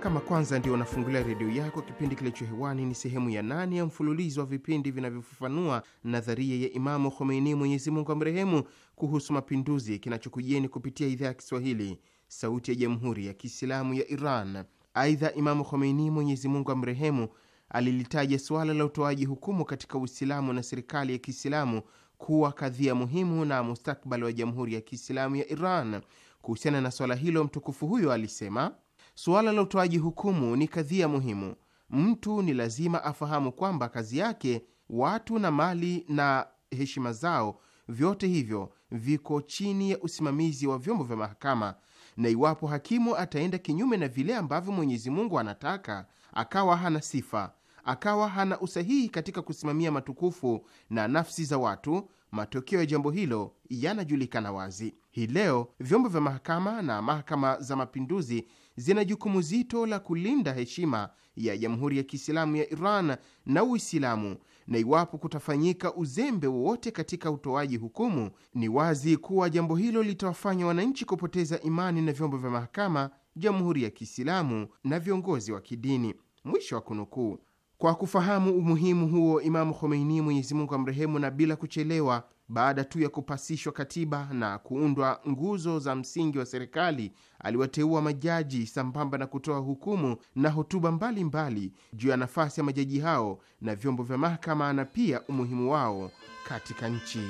Kama kwanza ndio unafungulia redio yako, kipindi kilicho hewani ni sehemu ya nane ya mfululizo wa vipindi vinavyofafanua nadharia ya Imamu Khomeini, Mwenyezi Mungu amrehemu, kuhusu mapinduzi, kinachokujieni kupitia idhaa ya Kiswahili, Sauti ya Jamhuri ya Kiislamu ya Iran. Aidha, Imamu Khomeini, Mwenyezi Mungu amrehemu, alilitaja suala la utoaji hukumu katika Uislamu na serikali ya Kiislamu kuwa kadhia muhimu na mustakbali wa Jamhuri ya Kiislamu ya Iran. Kuhusiana na suala hilo, mtukufu huyo alisema, suala la utoaji hukumu ni kadhia muhimu. Mtu ni lazima afahamu kwamba kazi yake, watu na mali na heshima zao, vyote hivyo viko chini ya usimamizi wa vyombo vya mahakama na iwapo hakimu ataenda kinyume na vile ambavyo Mwenyezi Mungu anataka, akawa hana sifa, akawa hana usahihi katika kusimamia matukufu na nafsi za watu, matokeo ya jambo hilo yanajulikana wazi. Hii leo vyombo vya mahakama na mahakama za mapinduzi zina jukumu zito la kulinda heshima ya Jamhuri ya Kiislamu ya Iran na Uislamu na iwapo kutafanyika uzembe wowote katika utoaji hukumu, ni wazi kuwa jambo hilo litawafanya wananchi kupoteza imani na vyombo vya mahakama, jamhuri ya Kiislamu na viongozi wa kidini. Mwisho wa kunukuu. Kwa kufahamu umuhimu huo, Imamu Khomeini, Mwenyezi Mungu amrehemu, na bila kuchelewa baada tu ya kupasishwa katiba na kuundwa nguzo za msingi wa serikali, aliwateua majaji sambamba na kutoa hukumu na hotuba mbalimbali juu ya nafasi ya majaji hao na vyombo vya mahakama na pia umuhimu wao katika nchi.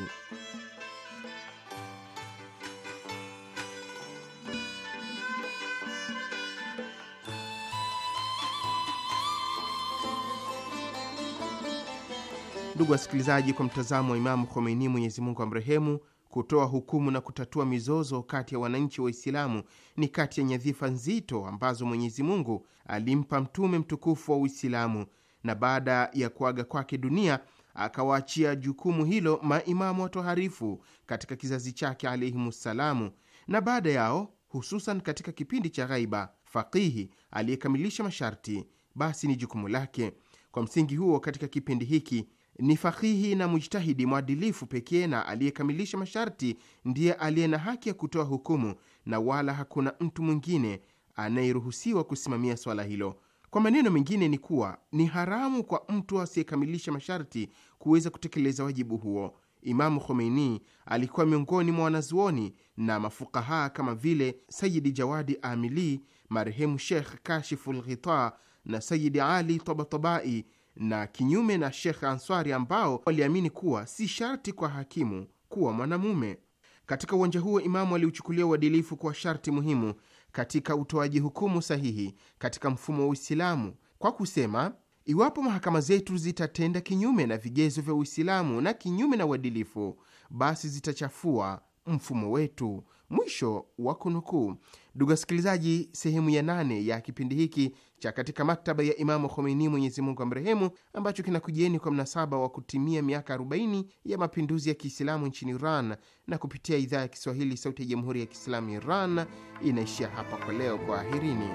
Ndugu wasikilizaji, kwa mtazamo wa Imamu Khomeini, Mwenyezi Mungu amrehemu, kutoa hukumu na kutatua mizozo kati ya wananchi Waislamu ni kati ya nyadhifa nzito ambazo Mwenyezi Mungu alimpa mtume mtukufu wa Uislamu, na baada ya kuaga kwake dunia akawaachia jukumu hilo maimamu watoharifu katika kizazi chake alaihimussalamu, na baada yao hususan katika kipindi cha ghaiba faqihi aliyekamilisha masharti, basi ni jukumu lake. Kwa msingi huo, katika kipindi hiki ni fakihi na mujtahidi mwadilifu pekee na aliyekamilisha masharti ndiye aliye na haki ya kutoa hukumu, na wala hakuna mtu mwingine anayeruhusiwa kusimamia swala hilo. Kwa maneno mengine, ni kuwa ni haramu kwa mtu asiyekamilisha masharti kuweza kutekeleza wajibu huo. Imamu Khomeini alikuwa miongoni mwa wanazuoni na mafukaha kama vile Sayidi Jawadi Amili, marehemu Shekh Kashiful Ghita na Sayidi Ali Tabatabai na kinyume na Shekh Answari ambao waliamini kuwa si sharti kwa hakimu kuwa mwanamume. Katika uwanja huo, Imamu aliuchukulia uadilifu kuwa sharti muhimu katika utoaji hukumu sahihi katika mfumo wa Uislamu kwa kusema, iwapo mahakama zetu zitatenda kinyume na vigezo vya Uislamu na kinyume na uadilifu, basi zitachafua mfumo wetu. Mwisho wa kunukuu. Ndugu wasikilizaji, sehemu ya nane ya kipindi hiki cha katika maktaba ya Imamu Khomeini, Mwenyezi Mungu amrehemu, ambacho kinakujeni kwa mnasaba wa kutimia miaka 40 ya mapinduzi ya Kiislamu nchini Iran na kupitia idhaa ya Kiswahili Sauti ya Jamhuri ya Kiislamu Iran inaishia hapa kwa leo. kwa ahirini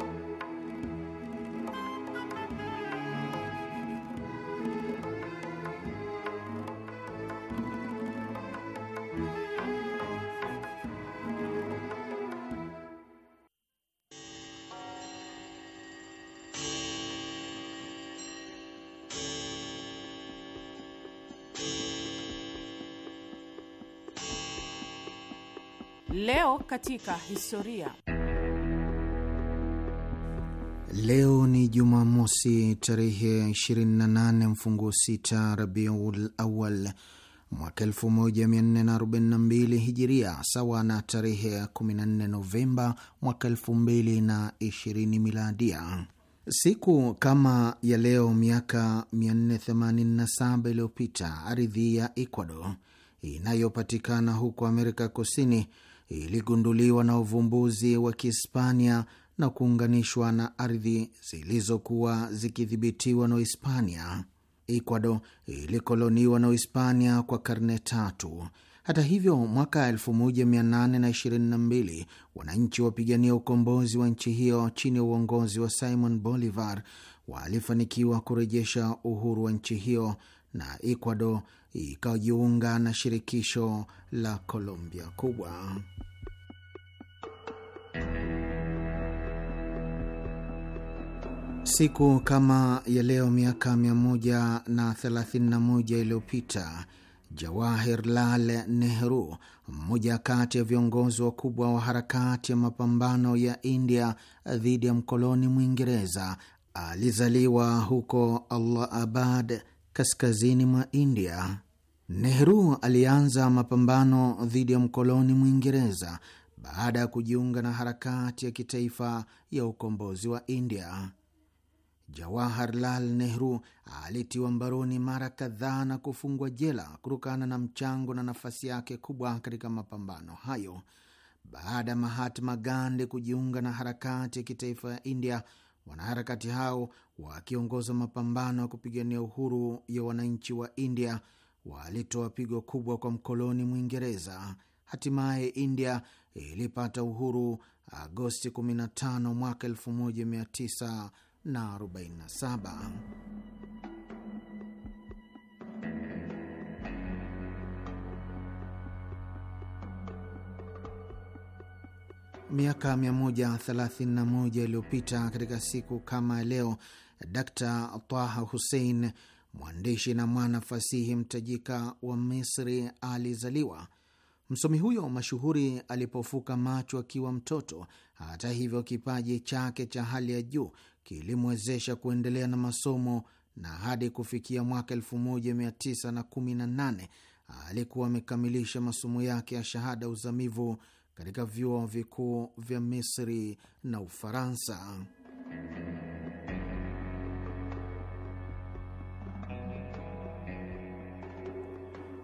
katika historia. Leo ni Jumamosi tarehe 28 mfungu 6 Rabiul Awal mwaka 1442 Hijiria, sawa na tarehe 14 Novemba mwaka 2020 Miladia. Siku kama ya leo miaka 487 iliyopita, ardhi ya Ecuador inayopatikana huko Amerika Kusini iligunduliwa na uvumbuzi wa Kihispania na kuunganishwa na ardhi zilizokuwa zikidhibitiwa na Uhispania. Ecuador ilikoloniwa na Uhispania kwa karne tatu. Hata hivyo, mwaka 1822 wananchi wapigania ukombozi wa nchi hiyo chini ya uongozi wa Simon Bolivar walifanikiwa kurejesha uhuru wa nchi hiyo na Ecuador ikajiunga na shirikisho la Colombia kubwa. Siku kama ya leo miaka 131 iliyopita jawahir lal Nehru, mmoja kati ya viongozi wakubwa wa harakati ya mapambano ya India dhidi ya mkoloni Mwingereza, alizaliwa huko Allahabad, kaskazini mwa India. Nehru alianza mapambano dhidi ya mkoloni Mwingereza baada ya kujiunga na harakati ya kitaifa ya ukombozi wa India. Jawaharlal Nehru alitiwa mbaroni mara kadhaa na kufungwa jela kutokana na mchango na nafasi yake kubwa katika mapambano hayo. Baada ya Mahatma Gandhi kujiunga na harakati ya kitaifa ya India, Wanaharakati hao wakiongoza mapambano ya kupigania uhuru ya wananchi wa India walitoa pigo kubwa kwa mkoloni Mwingereza. Hatimaye India ilipata uhuru Agosti 15 mwaka 1947. Miaka 131 iliyopita katika siku kama leo, Dr Taha Hussein, mwandishi na mwana fasihi mtajika wa Misri, alizaliwa. Msomi huyo mashuhuri alipofuka macho akiwa mtoto. Hata hivyo, kipaji chake cha hali ya juu kilimwezesha kuendelea na masomo na hadi kufikia mwaka 1918 alikuwa amekamilisha masomo yake ya shahada uzamivu katika vyuo vikuu vya Misri na Ufaransa.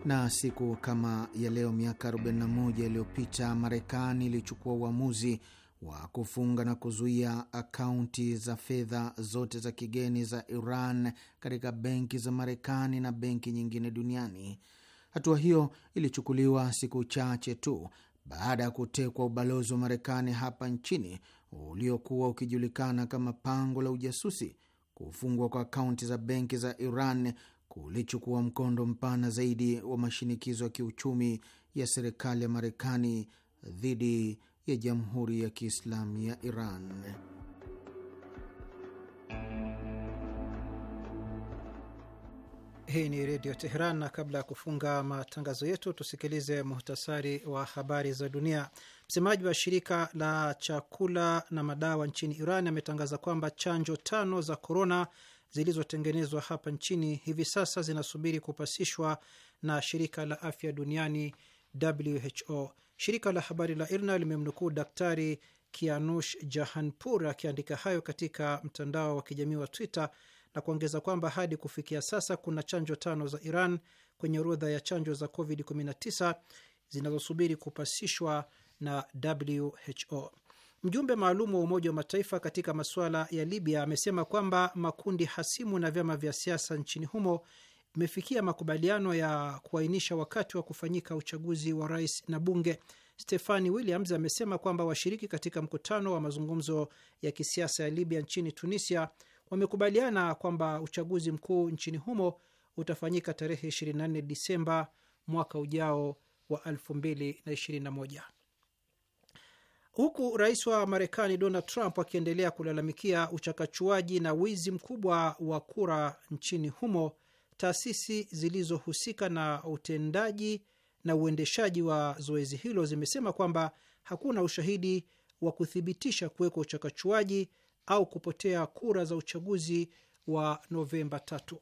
Na siku kama ya leo miaka 41 iliyopita Marekani ilichukua uamuzi wa kufunga na kuzuia akaunti za fedha zote za kigeni za Iran katika benki za Marekani na benki nyingine duniani. Hatua hiyo ilichukuliwa siku chache tu baada ya kutekwa ubalozi wa Marekani hapa nchini uliokuwa ukijulikana kama pango la ujasusi, kufungwa kwa akaunti za benki za Iran kulichukua mkondo mpana zaidi wa mashinikizo ya kiuchumi ya serikali ya Marekani dhidi ya Jamhuri ya Kiislamu ya Iran. Hii ni Redio Teheran, na kabla ya kufunga matangazo yetu tusikilize muhtasari wa habari za dunia. Msemaji wa shirika la chakula na madawa nchini Iran ametangaza kwamba chanjo tano za korona zilizotengenezwa hapa nchini hivi sasa zinasubiri kupasishwa na shirika la afya duniani WHO. Shirika la habari la IRNA limemnukuu Daktari Kianush Jahanpur akiandika hayo katika mtandao wa kijamii wa Twitter na kuongeza kwamba hadi kufikia sasa kuna chanjo tano za Iran kwenye orodha ya chanjo za COVID-19 zinazosubiri kupasishwa na WHO. Mjumbe maalum wa Umoja wa Mataifa katika masuala ya Libya amesema kwamba makundi hasimu na vyama vya siasa nchini humo vimefikia makubaliano ya kuainisha wakati wa kufanyika uchaguzi wa rais na bunge. Stefani Williams amesema kwamba washiriki katika mkutano wa mazungumzo ya kisiasa ya Libya nchini Tunisia wamekubaliana kwamba uchaguzi mkuu nchini humo utafanyika tarehe 24 Disemba mwaka ujao wa 2021. Huku rais wa Marekani Donald Trump akiendelea kulalamikia uchakachuaji na wizi mkubwa wa kura nchini humo, taasisi zilizohusika na utendaji na uendeshaji wa zoezi hilo zimesema kwamba hakuna ushahidi wa kuthibitisha kuwekwa uchakachuaji au kupotea kura za uchaguzi wa Novemba tatu.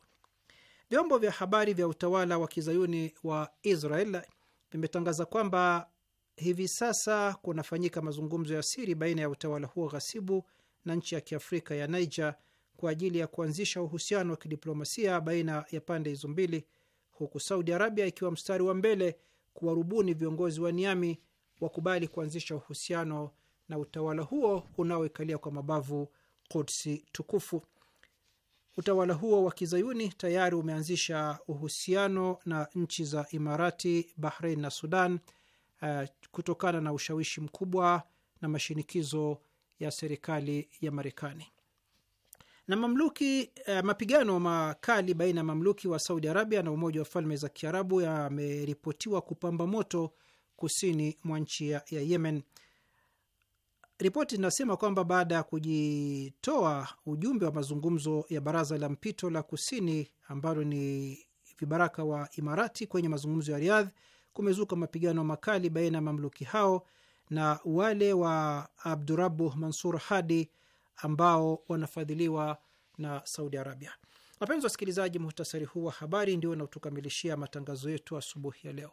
Vyombo vya habari vya utawala wa kizayuni wa Israel vimetangaza kwamba hivi sasa kunafanyika mazungumzo ya siri baina ya utawala huo ghasibu na nchi ya kiafrika ya Niger kwa ajili ya kuanzisha uhusiano wa kidiplomasia baina ya pande hizo mbili, huku Saudi Arabia ikiwa mstari wa mbele kuwarubuni viongozi wa Niami wakubali kuanzisha uhusiano na utawala huo unaoikalia kwa mabavu Kudsi tukufu. Utawala huo wa kizayuni tayari umeanzisha uhusiano na nchi za Imarati, Bahrein na Sudan uh, kutokana na ushawishi mkubwa na mashinikizo ya serikali ya Marekani na mamluki. Uh, mapigano makali baina ya mamluki wa Saudi Arabia na Umoja wa Falme za Kiarabu yameripotiwa kupamba moto kusini mwa nchi ya Yemen. Ripoti zinasema kwamba baada ya kujitoa ujumbe wa mazungumzo ya baraza la mpito la kusini ambalo ni vibaraka wa Imarati kwenye mazungumzo ya Riyadh, kumezuka mapigano makali baina ya mamluki hao na wale wa Abdurabu Mansur Hadi ambao wanafadhiliwa na Saudi Arabia. Wapenzi wasikilizaji, muhtasari huu wa habari ndio unaotukamilishia matangazo yetu asubuhi ya leo.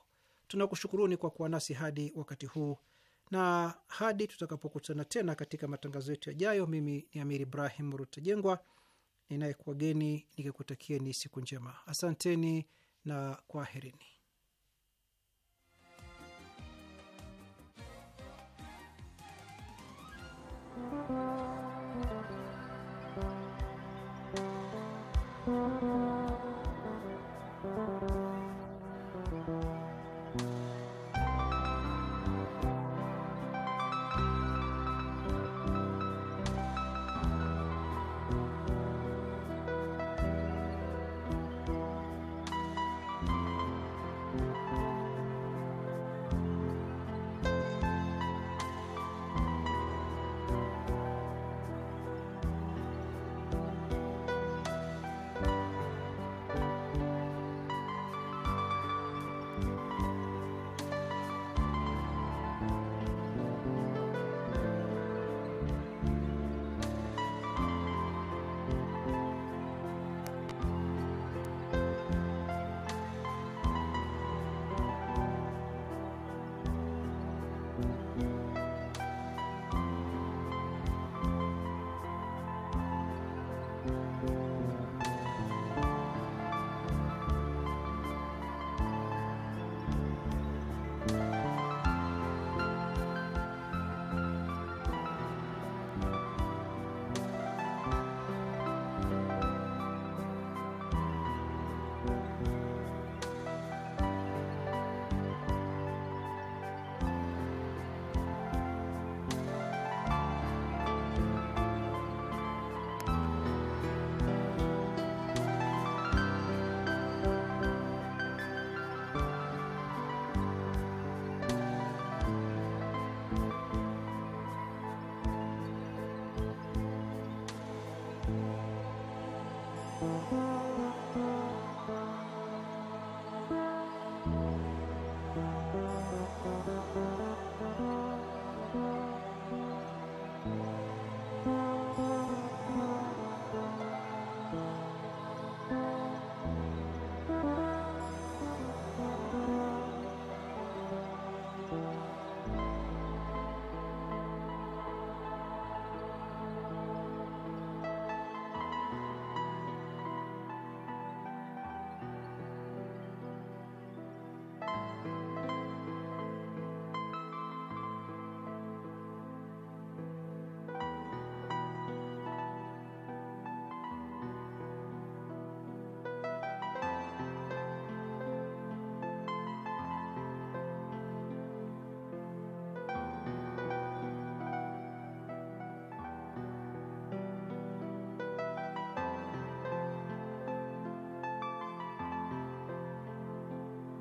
Tunakushukuruni kwa kuwa nasi hadi wakati huu na hadi tutakapokutana tena katika matangazo yetu yajayo, mimi ni Amir Ibrahim Rutajengwa ninayekuwageni nikikutakieni siku njema. Asanteni na kwaherini.